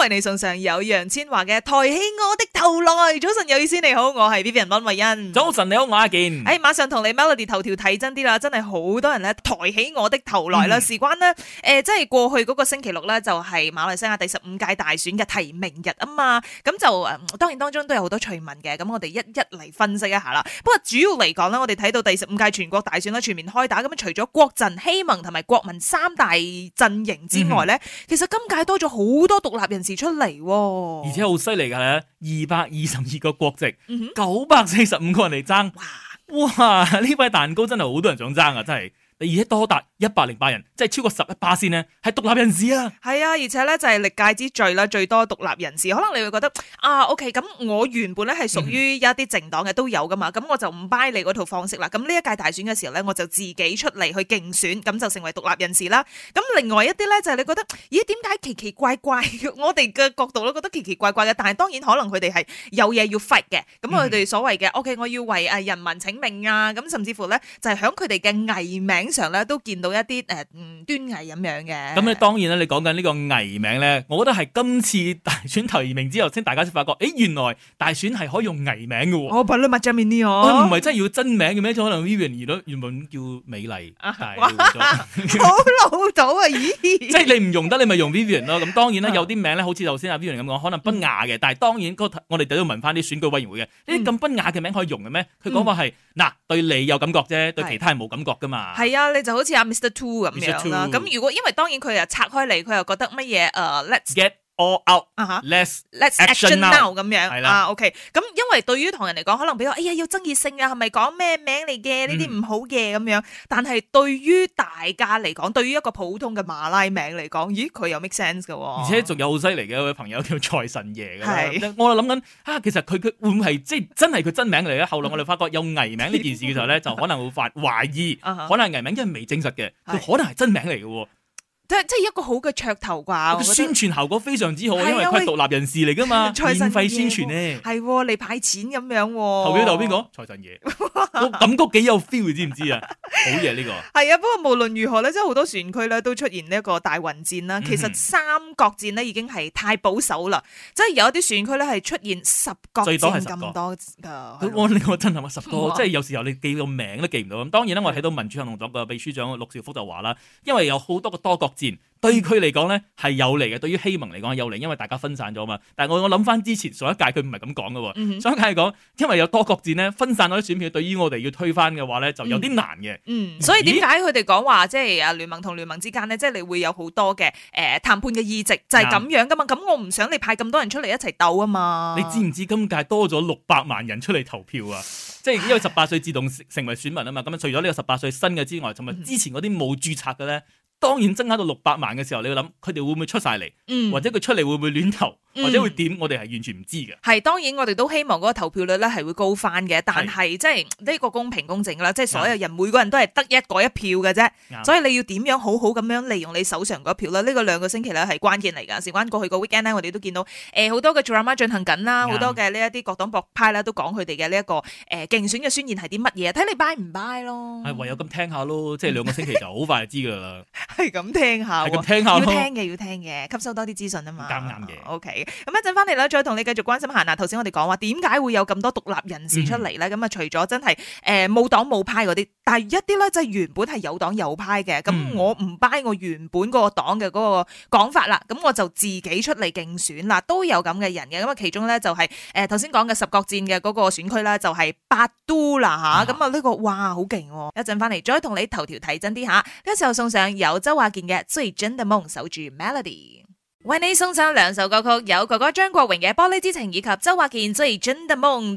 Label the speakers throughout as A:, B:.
A: 為你送上有楊千嬅嘅《抬起我的頭來》，早晨有意思。你好，我係 Vivian 溫慧欣。早晨你好，我阿健。誒、哎，馬上同你 melody 頭條睇真啲啦，真係好多人咧抬起我的頭來啦。事關呢，誒，即、呃、係過去嗰個星期六咧，就係馬來西亞第十五屆大選嘅提名日啊嘛。咁就誒、呃，當然當中都有好多趣聞嘅。咁我哋一一嚟分析一下啦。不過主要嚟講咧，我哋睇到第十五屆全國大選咧全面開打。咁除咗國陣、希盟同埋國民三大陣營之外咧，嗯、其實今屆多咗好多獨立人士。出嚟，而
B: 且好犀利㗎，二百二十二個國籍，九百四十五個人嚟爭，哇！呢塊蛋糕真係好多人想爭啊，真係。而且多達一百零八人，即係超過十一巴先呢係獨立人士啊，
A: 係啊，而且咧就係歷屆之最啦，最多獨立人士，可能你會覺得啊，O K，咁我原本咧係屬於一啲政黨嘅都有噶嘛，咁我就唔 buy 你嗰套方式啦，咁呢一屆大選嘅時候咧，我就自己出嚟去競選，咁就成為獨立人士啦。咁另外一啲咧就係你覺得，咦、欸，點解奇奇怪怪？ 我哋嘅角度都覺得奇奇怪怪嘅，但係當然可能佢哋係有嘢要 fight 嘅，咁佢哋所謂嘅 O K，我要為誒人民請命啊，咁甚至乎咧就係響佢哋嘅藝名。通常咧都見到一啲誒端倪咁樣嘅。咁
B: 咧當然啦，你講緊呢個藝名咧，我覺得係今次大選提名之後，先大家先發覺，誒原來大選係可以用藝名嘅。我扮
A: 咗咪著面呢個。唔係
B: 真要真名嘅咩？可能 Vivian 而都原本叫美麗。好老土啊！咦？即係你唔用得，你咪用 Vivian 咯。咁當然啦，有啲名咧，好似頭先阿 Vivian 咁講，可能不雅嘅。但係當然，我哋都要問翻啲選舉委員會嘅，呢啲咁不雅嘅名可以用嘅咩？佢講法係嗱，對你有感覺啫，對其他人冇感覺噶嘛。
A: 你就好似阿 Mr. Two 咁樣啦。咁如果因為當然佢又拆開嚟，佢又覺得乜嘢？誒、uh, Let's get All out Let's let's action action now 咁樣，係、uh, 啦，OK，咁因為對於同人嚟講，可能比較，哎呀，有爭議性啊，係咪講咩名嚟嘅呢啲唔好嘅咁樣？嗯、但係對於大家嚟講，對於一個普通嘅馬拉名嚟講，咦，佢又 make sense 噶、啊，而
B: 且仲有好犀利嘅，一位朋友叫財神爺嘅，係是，我諗緊，啊，其實佢佢會唔會係即係真係佢真名嚟咧？後來我哋發覺有藝名呢件事嘅時候咧， 就可能會發懷疑，uh huh. 可能藝名因為未證實嘅，uh huh. 可能係真名嚟嘅。
A: 即係一個好嘅噱頭啩，宣
B: 傳效果非常之好，因為佢係獨立人士嚟噶嘛，免費宣傳呢，
A: 係你派錢咁樣。投票投邊個？
B: 財神爺，我感覺幾有 feel，你知唔知啊？好嘢呢個。
A: 係啊，不過無論如何咧，即係好多選區咧都出現呢一個大混戰啦。其實三角戰呢已經係太保守啦，即係有一啲選區咧係出現十角戰咁多嘅。
B: 哇！呢個真係十個？即係有時候你記個名都記唔到咁。當然啦，我睇到民主行動黨嘅秘書長陸兆福就話啦，因為有好多個多角，對佢嚟講咧係有利嘅，對於希盟嚟講係有利，因為大家分散咗嘛。但係我我諗翻之前上一屆佢唔係咁講噶，上一屆係講因為有多國戰呢，分散咗啲選票，對於我哋要推翻嘅話咧就有啲難嘅，嗯。嗯，
A: 所以點解佢哋講話即係啊聯盟同聯盟之間咧，即係你會有好多嘅誒談判嘅議席就係咁樣噶嘛。咁，嗯、我唔想你派咁多人出嚟一齊鬥啊嘛！你知唔
B: 知今屆多咗六百萬人出嚟投票啊？唉即係因為十八歲自動成為選民啊嘛。咁啊唉除咗呢個十八歲新嘅之外，同埋之前嗰啲冇註冊嘅咧。當然增加到六百萬嘅時候，你諗佢哋會，唔會出晒嚟？或者佢出嚟會，唔會亂投？或者會點？嗯、我哋係完全唔知嘅。係
A: 當然，我哋都希望嗰個投票率咧係會高翻嘅。但係是即係呢、這個公平公正啦，即係所有人每個人都係得一嗰一票嘅啫。的所以你要點樣好好咁樣利用你手上嗰票咧？呢、這個兩個星期咧係關鍵嚟噶，事關過去個 weekend 咧，我哋都見到誒好多嘅 drama 進行緊啦，好的多嘅呢一啲各黨博派啦都講佢哋嘅呢一個誒競、呃、選嘅宣言係啲乜嘢，睇你 buy 唔 buy 咯？
B: 唯有咁聽下咯，即係兩個星期就好快就知噶啦。
A: 係咁 聽下，聽下要聽，要聽嘅要聽嘅，吸收多啲資訊啊嘛。啱嘅、嗯、，OK。咁一陣翻嚟啦，再同你繼續關心下。嗱，頭先我哋講話點解會有咁多獨立人士出嚟咧？咁啊、嗯，除咗真係誒冇黨冇派嗰啲，但係一啲咧即係原本係有黨有派嘅。咁、嗯嗯、我唔 buy 我原本嗰個黨嘅嗰個講法啦。咁我就自己出嚟競選啦，都有咁嘅人嘅。咁啊，其中咧就係誒頭先講嘅十國戰嘅嗰個選區啦，就係、是、八都啦吓。咁啊呢、這個哇好勁！一陣翻嚟再同你頭條睇真啲吓。跟一首送上由周華健嘅《最真的夢》守住 Melody。Mel 為你送上兩首歌曲，有哥哥張國榮嘅《玻璃之情》，以及周華健最《追夢》。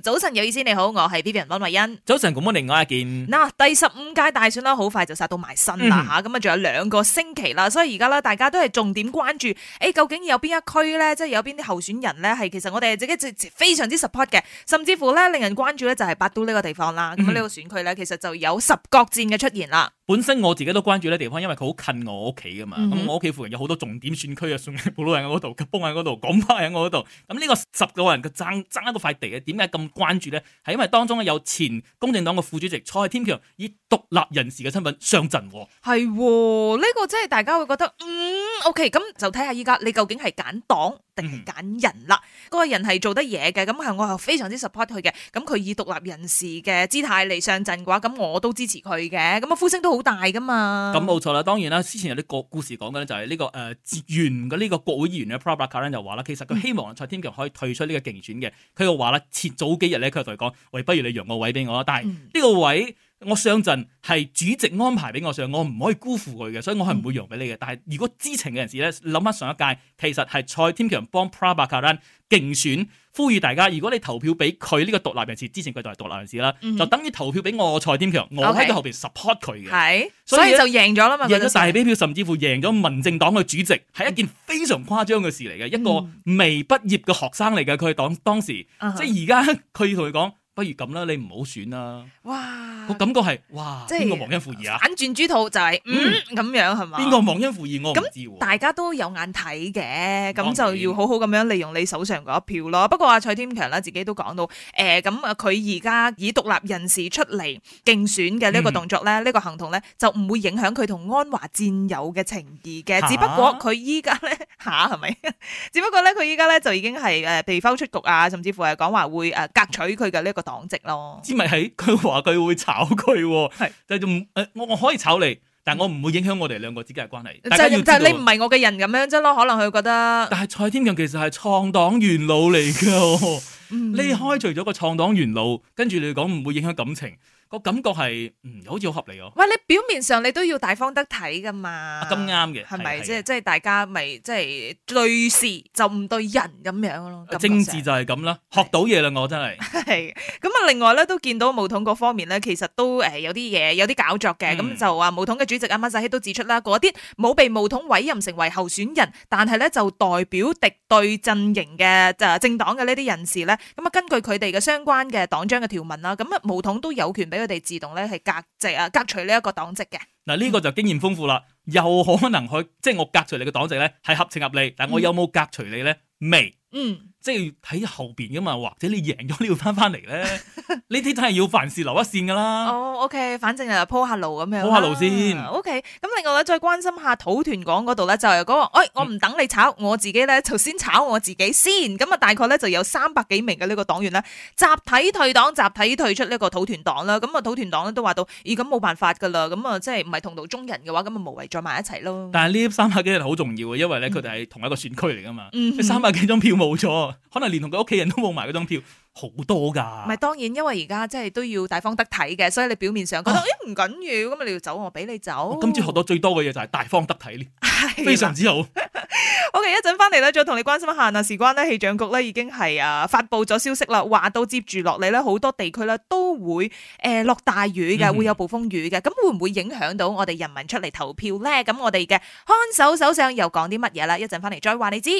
A: 早晨，有意思，你好，我係 Vivian 溫慧欣。
B: 早晨，咁播另外一件。
A: 嗱、啊，第十五屆大選啦，好快就殺到埋身啦吓，咁啊、嗯，仲有兩個星期啦，所以而家咧，大家都係重點關注，誒、欸，究竟有邊一區咧，即、就、係、是、有邊啲候選人咧，係其實我哋自己最非常之 support 嘅，甚至乎咧，令人關注咧，就係八都呢個地方啦。咁、嗯嗯、呢個選區咧，其實就有十角戰嘅出現啦。
B: 本身我自己都關注呢地方，因為佢好近我屋企噶嘛。咁、嗯、哼我屋企附近有好多重點選區啊，送嘅普通人多人喺嗰度，崩喺嗰度，講翻喺我嗰度。咁呢個十個人嘅爭爭一個塊地嘅，點解咁關注咧？係因為當中有前公正黨嘅副主席蔡天強以獨立人士嘅身份上陣喎。
A: 係、哦、呢、這個真係大家會覺得，嗯，OK。咁就睇下依家你究竟係揀黨定係揀人啦，嗰個人係做得嘢嘅，咁係我係非常之 support 佢嘅。咁佢以獨立人士嘅姿態嚟上陣嘅話，咁我都支持佢嘅。咁啊呼聲都好大噶嘛。咁冇
B: 錯啦，當然啦，之前有啲故故事講嘅就係呢、這個誒，原嘅呢個國會議員嘅 Prabakaran、ah、就話啦，其實佢希望蔡添強可以退出呢個競選嘅。佢又話啦，前早幾日咧，佢就同佢講，喂，不如你讓個位俾我啦。但係呢個位。嗯嗯我上陣係主席安排俾我上，我唔可以辜負佢嘅，所以我係唔會讓俾你嘅。嗯、但係如果知情嘅人士咧，諗返上一屆，其實係蔡添強幫 Prabakaran 競選，呼籲大家，如果你投票俾佢呢個獨立人士，之前佢就係獨立人士啦，嗯、哼就等於投票俾我蔡添強，Okay 我喺佢後邊 support 佢嘅，
A: 係是，所以，所以就贏咗啦嘛，贏咗大比
B: 票，甚至乎贏咗民政黨嘅主席，係、嗯、一件非常誇張嘅事嚟嘅，嗯、一個未畢業嘅學生嚟嘅，佢當當時，嗯、即係而家佢同佢講。不如咁啦，你唔好選啦。哇！個感覺係哇，即係邊個忘恩負義啊？反
A: 轉豬肚就係嗯咁樣係嘛？邊個忘恩
B: 負義我唔知喎。大
A: 家都有眼睇嘅，咁就要好好咁樣利用你手上嗰一票咯。不過阿蔡添強咧自己都講到誒，咁啊佢而家以獨立人士出嚟競選嘅呢一個動作咧，呢個行動咧就唔會影響佢同安華戰友嘅情義嘅。只不過佢依家咧吓，係咪？只不過咧佢依家咧就已經係誒被否出局啊，甚至乎係講話會誒革取佢嘅呢一個，黨籍
B: 咯，之咪係佢話佢會炒佢，是就仲誒我我可以炒你，但我唔會影響我哋兩個之間嘅關係。就就、嗯、你
A: 唔係我嘅人咁樣啫咯，可能佢會覺得。
B: 但係蔡天強其實係創黨元老嚟噶，嗯、你開除咗個創黨元老，跟住你講唔會影響感情。個感覺係嗯，好似好合理喎。
A: 喂，你表面上你都要大方得體噶嘛？
B: 咁啱嘅，係咪？即係
A: 即係大家咪即係對事就唔對人咁樣咯。政治
B: 就係咁啦。是學到嘢啦，我真係。
A: 係咁啊！另外咧，都見到巫統嗰方面咧，其實都誒有啲嘢有啲搞作嘅。咁、嗯、就話巫統嘅主席阿馬世希都指出啦，嗰啲冇被巫統委任成為候選人，但係咧就代表敵對陣營嘅誒政黨嘅呢啲人士咧。咁啊，根據佢哋嘅相關嘅黨章嘅條文啦，咁啊巫統都有權俾。佢哋自動咧係隔席啊，即係、隔除呢一個黨籍嘅。
B: 嗱、嗯，呢個就經驗豐富啦。又可能佢即係我隔除你嘅黨籍咧，係合情合理。但係我有冇隔除你咧？未。嗯。即係睇後邊㗎嘛，或者你贏咗呢要翻翻嚟咧。 呢啲真係要凡事留一線噶啦。
A: 哦，OK，反正又鋪下路咁樣。鋪下路先。啊、OK，咁另外咧，再關心下土團黨嗰度咧，就係、是、嗰、那個，哎，我唔等你炒，我自己咧就先炒我自己先。咁啊，大概咧就有三百幾名嘅呢個黨員咧，集體退黨，集體退出呢個土團黨啦。咁啊，土團黨咧都話到，咦、哎，咁冇辦法噶啦。咁啊，即係唔係同道中人嘅話，咁啊，無謂再埋一齊咯。
B: 但係呢三百幾人好重要啊，因為咧，佢哋係同一個選區嚟噶嘛。嗯哼。三百幾張票冇咗，可能連同佢屋企人都冇埋嗰張票。好多噶，唔係
A: 當然，因為而家即係都要大方得體嘅，所以你表面上覺得誒唔緊要，咁啊你要走，我俾你走。今次
B: 學到最多嘅嘢就係大方得體呢、哎、呀非常之好。
A: OK，一陣翻嚟咧，再同你關心一下啊。事關咧氣象局咧已經係啊發布咗消息啦，話到接住落嚟咧，好多地區咧都會誒落大雨嘅，嗯、會有暴風雨嘅，咁會唔會影響到我哋人民出嚟投票咧？咁我哋嘅看守首相又講啲乜嘢啦？一陣翻嚟再話你知。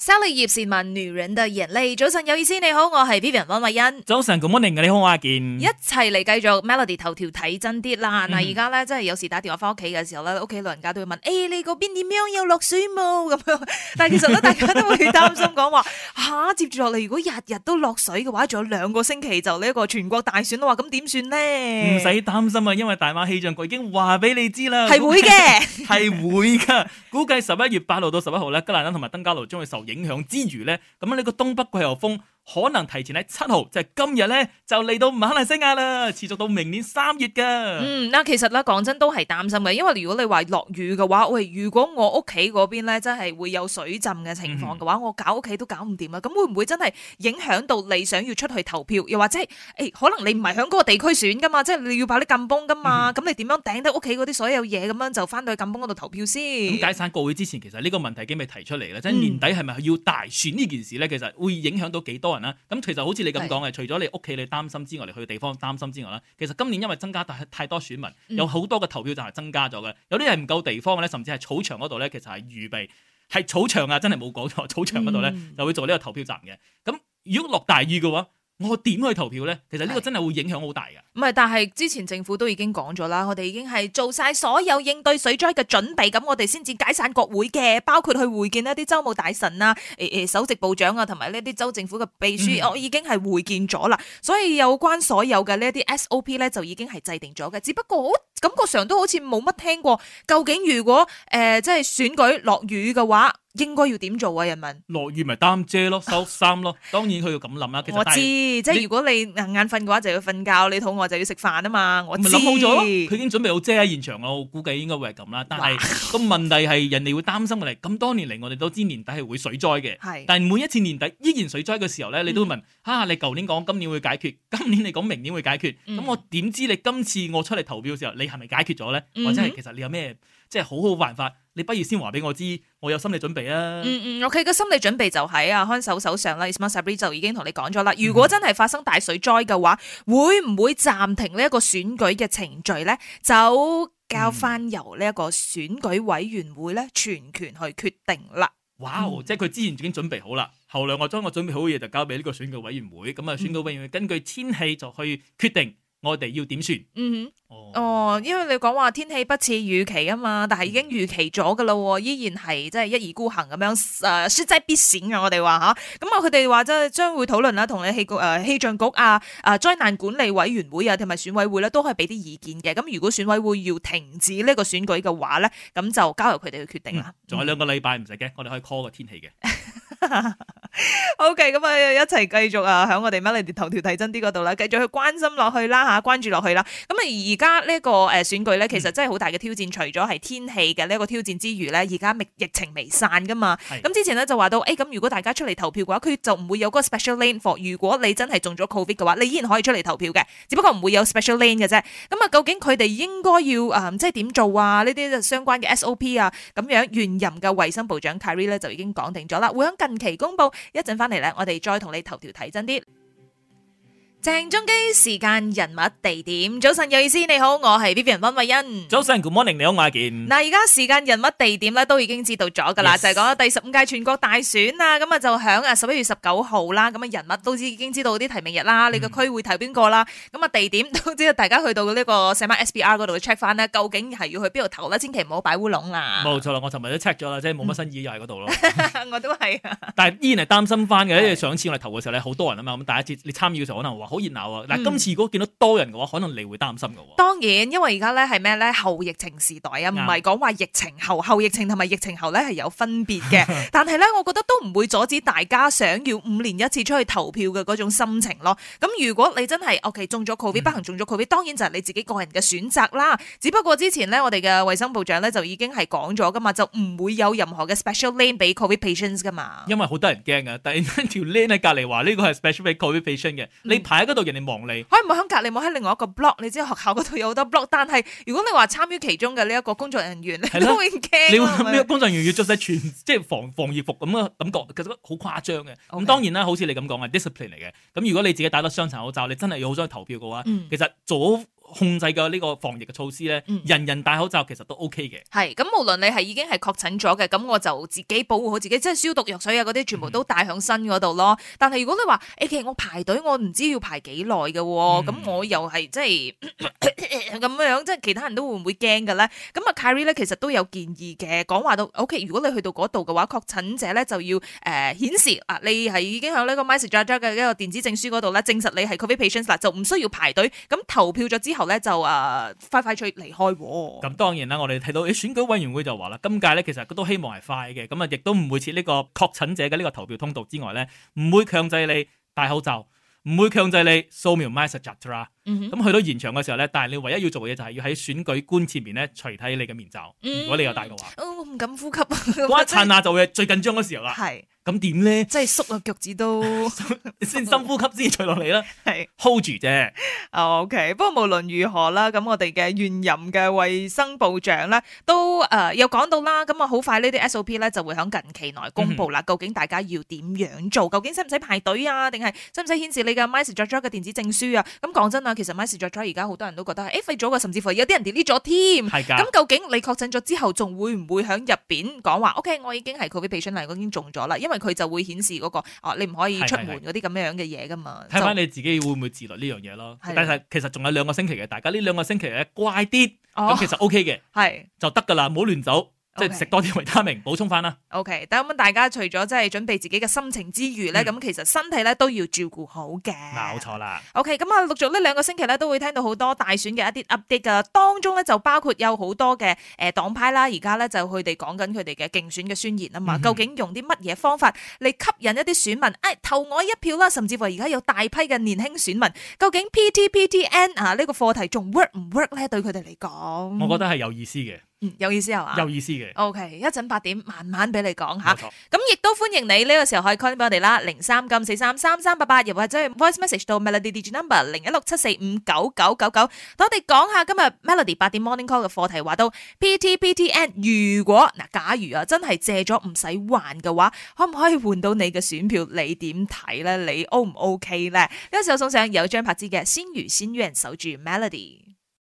A: 《Sally 葉倩文女人的眼淚》，早晨有意思，你好，我係 Vivian 汪慧欣。
B: 早晨 Good morning，你好阿健。一
A: 齊嚟繼續 Melody 頭條睇真啲啦。嗱，而家咧，真係有時打電話翻屋企嘅時候咧，屋企老人家都會問，誒、哎，你嗰邊點樣有落水冇？咁樣。但係其實咧，大家都會擔心講話吓，接住落嚟如果日日都落水嘅話，仲有兩個星期就呢一個全國大選啦。話咁點算呢？唔使
B: 擔心啊，因為大馬氣象局已經話俾你知啦，係會嘅，係會噶。估計十一月八號到十一號咧，吉蘭丹同埋登嘉樓將會受。影響之餘咧，咁樣，呢個東北季候風。可能提前喺七號，就係、是、今日咧就嚟到馬來西亞啦，持續到明年三月噶。嗯，
A: 那其實咧講真都係擔心嘅，因為如果你話落雨嘅話，喂，如果我屋企嗰邊咧真係會有水浸嘅情況嘅話，嗯、我搞屋企都搞唔掂啦。咁會唔會真係影響到你想要出去投票。又或者，係，誒，可能你唔係響嗰個地區選噶嘛，即係、嗯、你要跑啲禁崩噶嘛，咁你點樣頂得屋企嗰啲所有嘢咁樣就翻到去禁崩嗰度投票先？嗯、
B: 解散國會之前，其實呢個問題已經提出嚟啦，即係年底係咪要大選呢件事咧？其實會影響到幾多人？咁其實好似你咁講嘅，除咗你屋企你擔心之外，你去地方擔心之外啦，其實今年因為增加得太多選民，有好多嘅投票站係增加咗嘅，有啲係唔夠地方嘅咧，甚至係草場嗰度咧，其實係預備係草場啊，真係冇講錯，草場嗰度咧就會做呢個投票站嘅。咁如果落大雨嘅話，我點去投票呢？其實呢個真係會影響好大嘅。
A: 唔係，但係之前政府都已經講咗啦，我哋已經係做晒所有應對水災嘅準備，咁我哋先至解散國會嘅，包括去會見一啲州務大臣啊、誒、呃、誒首席部長啊，同埋呢啲州政府嘅秘書，嗯、哼我已經係會見咗啦。所以有關所有嘅呢啲 SOP 咧，就已經係制定咗嘅。只不過我感覺上都好似冇乜聽過，究竟如果誒、呃、即係選舉落雨嘅話，應該要點做啊？人民
B: 落雨咪擔遮咯，收衫咯。當然佢要咁諗啦。其實我知，即係
A: 如果你硬眼瞓嘅話就要瞓覺，你肚餓就要食飯啊嘛。我諗好咗咯，
B: 佢已經準備好遮喺現場咯。我估計應該會係咁啦。但係個問題係人哋會擔心嘅嚟。咁多年嚟，我哋都知年底係會水災嘅。係，但係每一次年底依然水災嘅時候咧，你都會問：，啊，你舊年講今年會解決，今年你講明年會解決，咁我點知你今次我出嚟投票嘅時候，你係咪解決咗咧？或者係其實你有咩？即係好好辦法，你不如先話俾我知，我有心理準備啊、嗯！嗯
A: 嗯，OK，個心理準備就喺啊看守手上啦。Isman Sabri 就已經同你講咗啦，如果真係發生大水災嘅話，嗯、會唔會暫停呢一個選舉嘅程序呢？就交翻由呢一個選舉委員會咧全權去決定啦。哇，即
B: 係佢之前已經準備好啦，嗯、後兩個鐘我準備好嘅嘢，就交俾呢個選舉委員會，咁啊、嗯、選舉委員會根據天氣就去決定。我哋要點算？
A: 嗯哼，oh. 哦，因為你講話天氣不似預期啊嘛，但係已經預期咗噶啦，依然係即係一意孤行咁樣誒，舍、呃、齋必閃嘅。我哋話吓，咁、嗯、啊，佢哋話即係將會討論啦，同你氣局誒氣象局啊，誒、呃、災難管理委員會啊，同埋選委會咧、啊，都可以俾啲意見嘅。咁如果選委會要停止呢個選舉嘅話咧，咁就交由佢哋去決定啦。仲、嗯、有
B: 兩個禮拜唔使驚，我哋可以 call 個天氣嘅。
A: O K，咁啊一齊繼續啊喺我哋《Money》頭條睇真啲嗰度啦，繼續去關心落去啦吓，關注落去啦。咁啊，而家呢個誒選舉咧，其實真係好大嘅挑戰。嗯、除咗係天氣嘅呢一個挑戰之餘咧，而家疫情未散噶嘛。咁的之前咧就話到，誒咁如果大家出嚟投票嘅話，佢就唔會有個 special lane for。如果你真係中咗 Covid 嘅話，你依然可以出嚟投票嘅，只不過唔會有 special lane 嘅啫。咁啊，究竟佢哋應該要、嗯、即係點做啊？呢啲相關嘅 S O P 啊，咁樣，現任嘅衛生部長 Khairy 咧就已經講定咗啦，會喺近期公布。一陣返嚟咧，我哋再同你頭條睇真啲。鄭中基時間、人物、地點，早晨有意思，你好，我係 Vivian 溫慧欣。
B: 早晨 Good morning，你好阿健。
A: 嗱，而家時間、人物、地點咧都已經知道咗噶啦，Yes. 就係講第十五屆全國大選啊，咁啊就響啊十一月十九號啦，咁啊人物都已經知道啲提名日啦，你個區會投邊個啦，咁啊、嗯、地點都知道，大家去到呢個石馬 S B R 嗰度 check 翻呢，究竟係要去邊度投咧，千祈唔好擺烏龍啦。
B: 冇錯啦，我尋日都 check 咗啦，即係冇乜新意又喺嗰度咯。嗯、
A: 我都係是。
B: 但係依然係擔心翻嘅，因為上次我哋投嘅時候咧，好多人啊嘛，咁第一次你參與嘅時候可能。好熱鬧啊！嗱，今次如果見到多人嘅話，嗯、可能你會擔心嘅喎、
A: 啊。當然，因為而家咧係咩咧？後疫情時代啊，唔係講話疫情後、後疫情同埋疫情後咧係有分別嘅。 但係咧，我覺得都唔會阻止大家想要五年一次出去投票嘅嗰種心情咯。咁如果你真係 O.K. 中咗 Covid 不幸中咗 Covid、嗯、當然就係你自己個人嘅選擇啦。只不過之前咧，我哋嘅衛生部長咧就已經係講咗噶嘛，就唔會有任何嘅 special lane 俾 Covid patients 噶嘛。
B: 因為好多人驚啊！但係條 lane 喺隔離話呢個係 special 俾 Covid patients 嘅呢排。嗯喺嗰度人哋望你，
A: 可以唔冇喺隔籬，冇喺另外一個 block。你知道學校嗰度有好多 block，但係如果你話參與其中嘅呢一個工作人
B: 員，的 你都會驚。你話呢個工作人員要着晒全即係 防防疫服咁嘅感覺，其實好誇張嘅。咁 Okay. 當然啦，好似你咁講嘅 discipline 嚟嘅。咁如果你自己戴多雙層口罩，你真係要好想去投票嘅話，嗯、其實做。控制嘅呢個防疫嘅措施咧，人人戴口罩其實都 OK 嘅。
A: 係，咁，無論你係已經係確診咗嘅，咁我就自己保護好自己，即係消毒藥水啊啲，全部都帶響身嗰度咯。但係如果你話誒、欸、其實我排隊我唔知要排幾耐嘅，咁、嗯、我又係即係咁樣樣即係其他人都會唔會驚嘅咧？咁啊，Carrie 咧，其實都有建議嘅，講話到 OK，如果你去到嗰度嘅話確診者咧就要誒顯、呃、示啊，你係已經響呢個 message 嘅一個電子證書嗰度咧，證實你係 COVID patient 嗱，就唔需要排隊，咁投票咗之後。咧就誒快快脆離開。
B: 咁當然啦，我哋睇到選舉委員會就話啦，今屆咧其實都希望係快嘅，咁啊亦都唔會設呢個確診者嘅呢個投票通道之外咧，唔會強制你戴口罩，唔會強制你掃描 message、嗯、哼咁去到現場嘅時候咧，但係你唯一要做嘅嘢就係要喺選舉官前面咧除低你嘅面罩。嗯、如果你有戴嘅話，
A: 哦、我唔敢呼吸。嗰一剎
B: 那就會最緊張嘅時候啦。咁點咧？呢即係縮個腳趾都 先深呼吸先 是，再落嚟啦。係 hold 住啫。
A: OK，不過無論如何啦，咁我哋嘅現任嘅衞生部長咧，都誒、呃、又講到啦。咁啊，好快呢啲 SOP 咧就會喺近期內公布啦。嗯、究竟大家要點樣做？究竟使唔使排隊啊？定係使唔使顯示你嘅 MySejahtera 嘅電子證書啊？咁講真啊，其實 MySejahtera 而家好多人都覺得係、欸、廢咗嘅，甚至乎有啲人 delete 咗添。係咁的，究竟你確診咗之後會會，仲會唔會喺入邊講話？OK，我已經係佢嘅 COVID patient 嚟，我已經中咗啦，因為。佢就會顯示嗰、那個哦、啊，你唔可以出門嗰啲咁樣嘅嘢噶嘛。睇返
B: 就你自己會唔會自律呢樣嘢咯？的但係其實仲有兩個星期嘅，大家呢兩個星期咧乖啲，咁、哦、其實 OK 嘅，係的就得噶啦，唔好亂走。即係食 Okay, 多啲維他命，補充翻啦。
A: O K，等咁，大家除咗即係準備自己嘅心情之餘咧，咁、嗯、其實身體咧都要照顧好嘅。冇錯啦。O K，咁啊，陸續呢兩個星期咧，都會聽到好多大選嘅一啲 update 噶，當中咧就包括有好多嘅誒黨派啦，而家咧就佢哋講緊佢哋嘅競選嘅宣言啊嘛，嗯、哼究竟用啲乜嘢方法嚟吸引一啲選民，誒、哎、投我一票啦，甚至乎而家有大批嘅年輕選民，究竟 P T P T N 啊呢個課題仲 work 唔 work 咧？對佢哋嚟講，我覺得係
B: 有意思嘅。
A: 嗯，有意思係嘛？有意思嘅。O K，一陣八點慢慢俾你講下。咁亦都歡迎你呢個時候可以 call 俾我哋啦，零三咁四三三三八八又或者 voice message 到 Melody Digi Number 零一六七四五九九九九。同我哋講下今日 Melody 八點 Morning Call 嘅課題，話到 P T P T N，如果嗱，假如啊真係借咗唔使還嘅話，可唔可以換到你嘅選票？你點睇咧？你 O 唔 O K 咧？呢個時候送上有張柏芝嘅《仙如仙願》，守住 Melody。